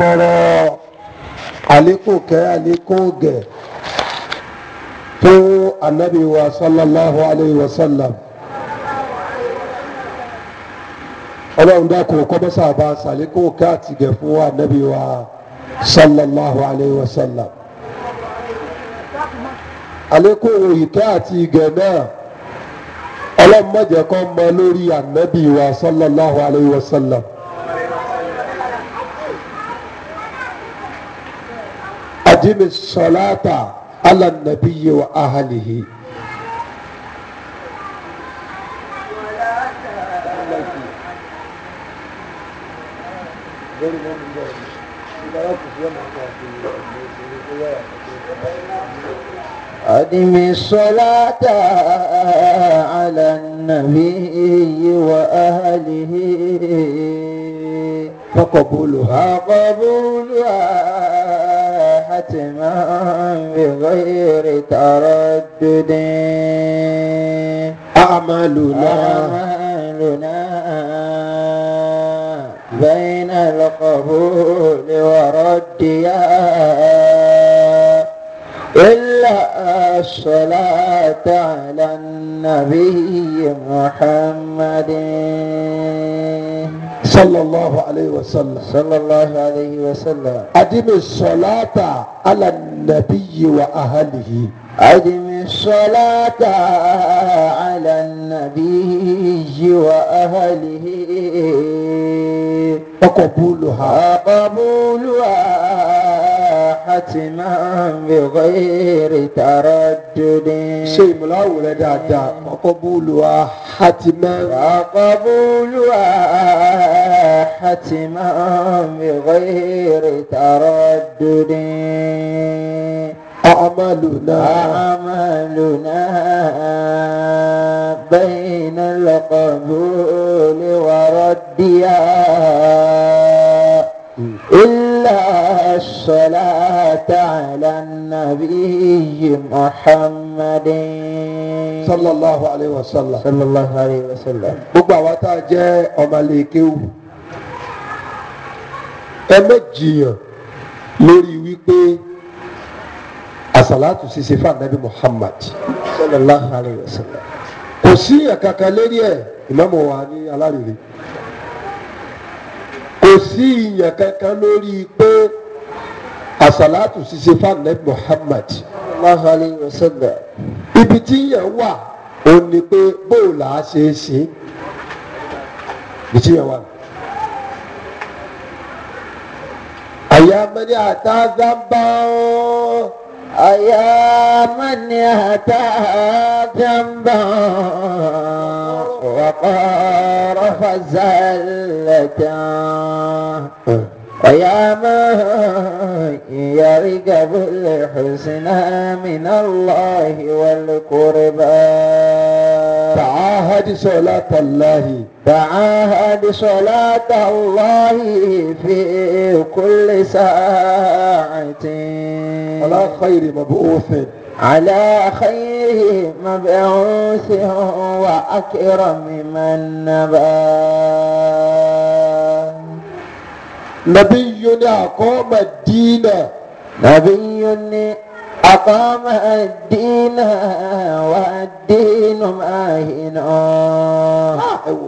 tọrọ àlékún kẹ́ àlékún gẹ̀ fún anabi wa sallallahu alayhi wa sallam ọlọ́run dákun kọ́mẹ́sà bá sàlékún kẹ́ àtìgẹ̀ fún anabi wa sallallahu alayhi wa sallam àlékún ìkẹ́ àti ìgẹ̀ náà ọlọ́run má jẹ́ mọ lórí anabi wa sallallahu alayhi wa sallam. أدم الصلاة على النبي وأهله أدم الصلاة على النبي وأهله فقبولها قبولها خاتما بغير تردد أعمالنا أعمالنا بين القبول يا إلا الصلاة على النبي محمد sallallahu alayhi wa sallam. sallallahu alayhi wa sallam. adimi salata ala nabiyyi wa ahalihi. adimi salata ala nabiyyi wa ahalihi. ọkọ̀ búlù ha. ọkọ̀ حتما بغير تردد ṣe ìmúláwò rẹ dáadáa وقبولها حتما وقبولها حتما بغير تردد أعمالنا أعمالنا بين القبول وردها الصلاة على النبي محمد صلى الله عليه وسلم صلى الله عليه وسلم gbogbo àwa tá a jẹ́ ọmọlẹ́kẹ́wù ẹ méjìyàn lórí wípé àsàlátù ṣiṣẹ́ fànàbí Muhammad sallallahu alayhi wa sallam kò sí ẹ̀kàkà lérí ẹ̀ ìmáàmù wa ní alárèrè kò sí ìyàn kankan lórí pé àsàlátù ṣiṣẹ́ fànẹ́bí Muhammad sallallahu alayhi wa sallam ibi tí yẹn wà ó ní pé bóòlù á ṣe é ṣe ibi tí yẹn wà. àyà mẹ́ni àtà zambá ó. àyà mẹ́ni àtà zambá ó. wàkàrà fàzàlẹ̀ tán. ويا من يرجب الحسنى من الله والقربى تعاهد صلاة الله تعاهد صلاة الله في كل ساعة على خير مبعوث على خير مبعوث وأكرم من نبات نبي أقام الدين نبي أقام الدين والدين ماهن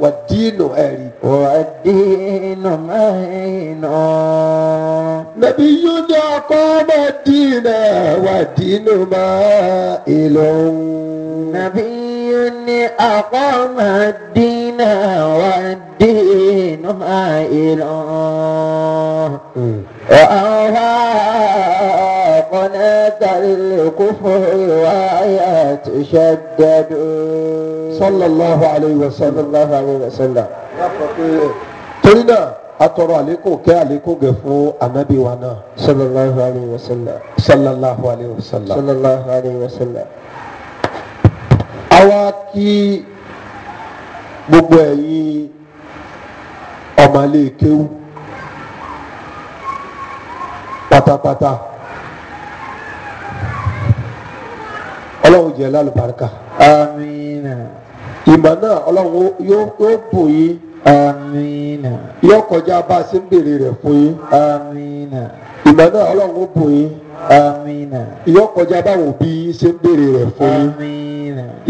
والدين أري والدين ماهن نبي أقام الدين والدين ماهن نبي من أقام الدين والدين إله وأوهى قناة الكفر ويتشدد صلى الله عليه وسلم الله عليه وسلم تريد atọrọ àlékún kẹ àlékún gẹ fún anabi wa náà. sallallahu alayhi wa sallam. sallallahu alayhi wa sallam. sallallahu alayhi wa sallam àwa kí gbogbo ẹ̀yin ọmọlé kéwú pátápátá ọlọ́run jẹ́ lálùbáríkà. àmín. ìmọ̀ náà ọlọ́run yóò bù yín. àmín. yóò kọjá bá a ṣe ń béèrè rẹ̀ fún yín. àmín. ìmọ̀ náà ọlọ́run ó bù yín. àmín. yóò kọjá báwọn òbí ṣe ń béèrè rẹ̀ fún yín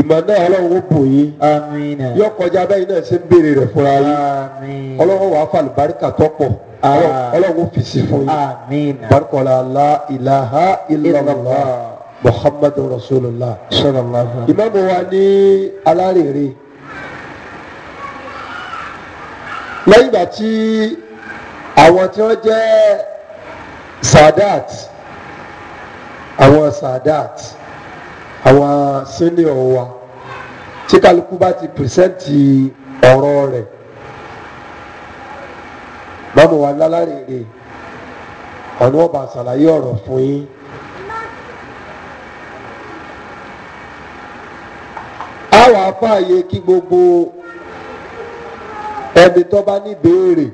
ìmọ̀ náà ọlọ́run ó bò yín yọ kọjá bẹ́ẹ̀ náà ṣe ń béèrè rẹ̀ fúnra yín ọlọ́run wàá fà lùbáríkà tọ́pọ̀ ọlọ́run ó fèsì fún yín barikọ́lá la ilaha illallah muhammadu rasulillah sallallahu alayhi wa sallam. ìmọ̀mù wa ní alárèrè lẹ́yìn ìgbà tí àwọn tí wọ́n jẹ́ sadat àwọn sadat àwọn sẹ́niọ̀ wa tí kálukú bá ti pèsèǹtì ọ̀rọ̀ rẹ̀ bámu wa lálárèrè ọ̀nà ọba àṣàlàyé ọ̀rọ̀ fún yín. a wàá fààyè kí gbogbo ẹni tó bá ní béèrè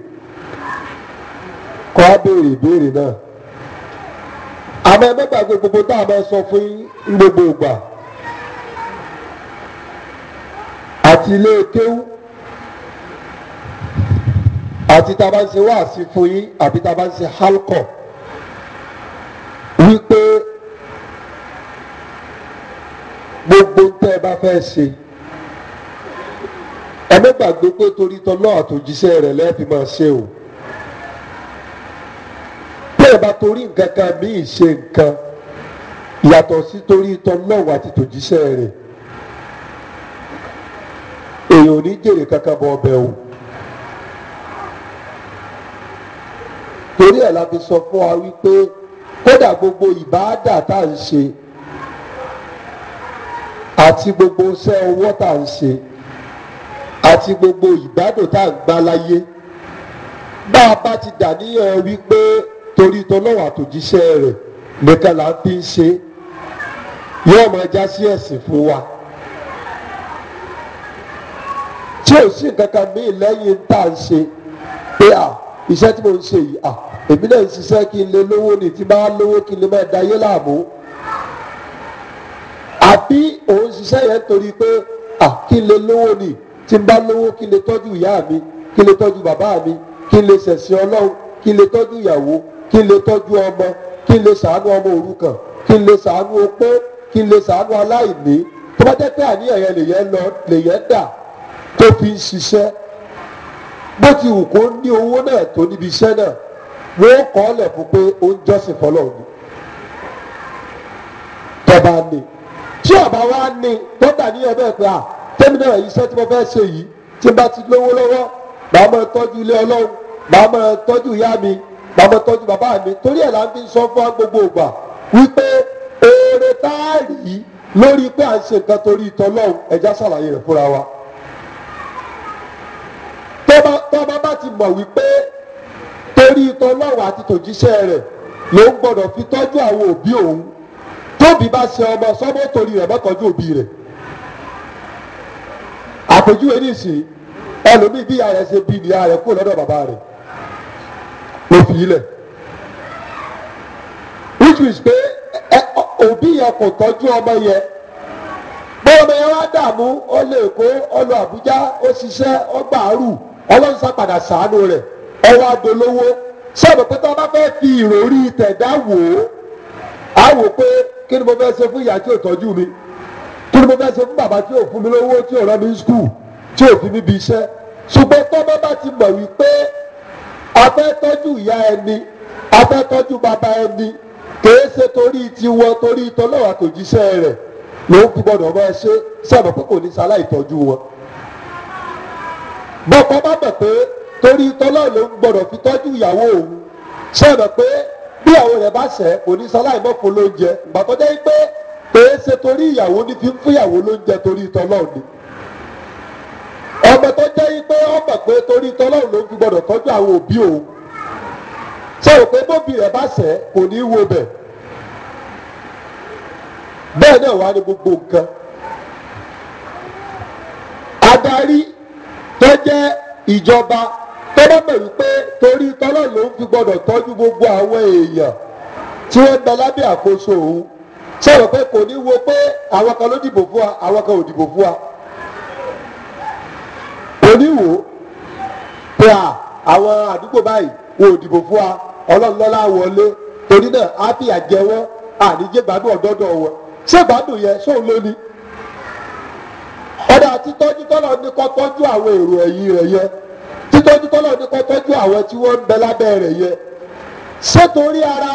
kó a béèrè ìbéèrè náà àmọ́ ẹ mẹ́gbàgbé gbogbo tá a máa sọ fún yín gbogbo ìgbà àti ilé kéwú àti tá a bá ń ṣe wáàsí fún yín àbí tá a bá ń ṣe hálkọ̀ wípé gbogbo tẹ́ ẹ bá fẹ́ ṣe ẹ mẹ́gbàgbé pé torí tọ́lọ́ àtòjíṣẹ́ rẹ̀ lẹ́ẹ̀fì máa ṣe o bá torí nǹkan kan míì ṣe nǹkan yàtọ̀ sí torí tọlọ́wọ́ àti tòjíṣẹ́ rẹ̀ èèyàn ò ní jèrè kankan bọ ọbẹ̀ o torí ẹ̀ la fi sọ fún wa wípé kódà gbogbo ìbáàdà tá à ń ṣe àti gbogbo iṣẹ́ ọwọ́ tá à ń ṣe àti gbogbo ìgbádùn tá à ń gbá láyé bá a bá ti dàníyàn wípé torí tọlọ́wọ́ àtòjíṣẹ́ rẹ̀ nìkan là ń fi ń ṣe yóò máa já sí ẹ̀sìn fún wa tí ò sí nǹkan kan míì lẹ́yìn tá à ń ṣe pé à iṣẹ́ tí mo ń ṣe yìí à èmi náà ń ṣiṣẹ́ kí n lè lówó ni tí bá lówó kí n lè máa dayé láàmú àbí òun ṣiṣẹ́ yẹn torí pé à kí n lè lówó ni tí n bá lówó kí n lè tọ́jú ìyá mi kí n lè tọ́jú bàbá mi kí n lè ṣẹ̀sìn Ọlọ́run kí n lè tọ́jú ìyàwó kí n lè tọ́jú ọmọ kí n lè sàánú ọmọ òrukàn kí n lè sàánú opó kí n lè sàánú aláìní tó bá jẹ́ pé àníyàn yẹn lèyẹn lọ lèyẹn dà tó fi ń ṣiṣẹ́ bó ti wù kó ní owó náà tó níbi iṣẹ́ náà wọ́n kọ́ ọ lẹ̀ fún pé ó ń jọ́sìn fọlọ́ọ̀ ni tọ́ba ni tí ọba wa ni tó dà níyàn bẹ́ẹ̀ pé à tẹ́mi náà iṣẹ́ tí mo fẹ́ ṣe yìí tí n bá ti lówó lọ́wọ́ màá máa tọ́jú ilé ọlọ́run màá máa tọ́jú ìyá mi bàbá tọ́jú bàbá mi torí ẹ̀ là ń fi sọ fún wa gbogbo ìgbà wípé oore tá a rí lórí pé à ń ṣe nǹkan torí ìtọ́lọ́hún ẹja ṣàlàyé rẹ̀ fúnra wa tọ́ba bá ti mọ̀ wípé torí ìtọ́lọ́hún àti tòjíṣẹ́ rẹ̀ ló ń gbọ́dọ̀ fi tọ́jú àwọn òbí òun tóbi bá ṣe ọmọ sọ́mọ́ torí rẹ̀ mọ́kànjú òbí rẹ̀ àpèjúwe nísìnyí ẹlòmíì bí ìyá rẹ̀ ṣe bí ìyá rẹ̀ kú lọ́dọ̀ bàbá rẹ̀ ló fi ilẹ̀ which means pé òbí yẹn kò tọ́jú ọmọ yẹn bó ọmọ yẹn wá dààmú ó lè kó ó lọ Àbújá ó ṣiṣẹ́ ó gbàárù ọlọ́run sàpàdà sàánú rẹ̀ ọwọ́ adolówó sọ̀rọ̀ pé tó bá fẹ́ fi ìròrí tẹ̀dá wò ó á wò pé kí ni mo fẹ́ ṣe fún ìyá tí ò tọ́jú mi kí ni mo fẹ́ ṣe fún bàbá tí ò fún mi lówó tí ò rán mi ní skul tí ò fi mi bí iṣẹ́ ṣùgbọ́n tó bá ti mọ̀ wípé afẹ́tọ́jú ìyá ẹni afẹ́tọ́jú bàbá ẹni kìí ṣe torí tiwọn torí tọ́lọ́wà kò jíṣẹ́ rẹ̀ ló ń gbọ́dọ̀ ọmọ ẹ ṣe sọ̀rọ̀ pé kò ní sa aláìtọ́jú wọn. bọ́kọ bá mọ̀ pé torí tọ́lọ́wà ló ń gbọ́dọ̀ fi tọ́jú ìyàwó òun sọ̀rọ̀ pé bí àwọn rẹ̀ bá ṣẹ̀ kò ní sa aláìmọ́fun lóúnjẹ ìgbà tó pé kìí ṣe torí ìyàwó ní fi ń fún ìyàwó lóúnjẹ torí tọ́lọ́wà ni ọmọ tó jẹ́ pé ọmọ pé torí tọ́lọ́run ló gbọ́dọ̀ tọ́jú àwọn òbí òun ṣé o pé tóbi rẹ̀ bá ṣẹ̀ kò ní í wo bẹ̀ bẹ́ẹ̀ náà wà ní gbogbo nǹkan adarí tó jẹ́ ìjọba tó bá mọ̀ wípé torí tọ́lọ́run ló fi gbọ́dọ̀ tọ́jú gbogbo àwọn èèyàn tí wọ́n gba lábẹ́ àkóso òun ṣé o pé kò ní í wo pé àwọn kan ló dìbò fún wa àwọn kan ò dìbò fún wa ẹni wò pé à àwọn àdúgbò báyìí wò dìbò fún wa ọlọ́run lọ́la wọlé torí náà á fi àjẹwọ́ àníjẹ́ gbádùn ọ̀dọ́dọ̀ wọn ṣé gbádùn yẹn sóun ló ní. ọ̀dà títọ́jú tọ́lọ̀ ní kọ́ tọ́jú àwọn èrò ẹ̀yìn rẹ̀ yẹn títọ́jú tọ́lọ̀ ní kọ́ tọ́jú àwọn tí wọ́n ń bẹ lábẹ́ rẹ̀ yẹn ṣé torí ara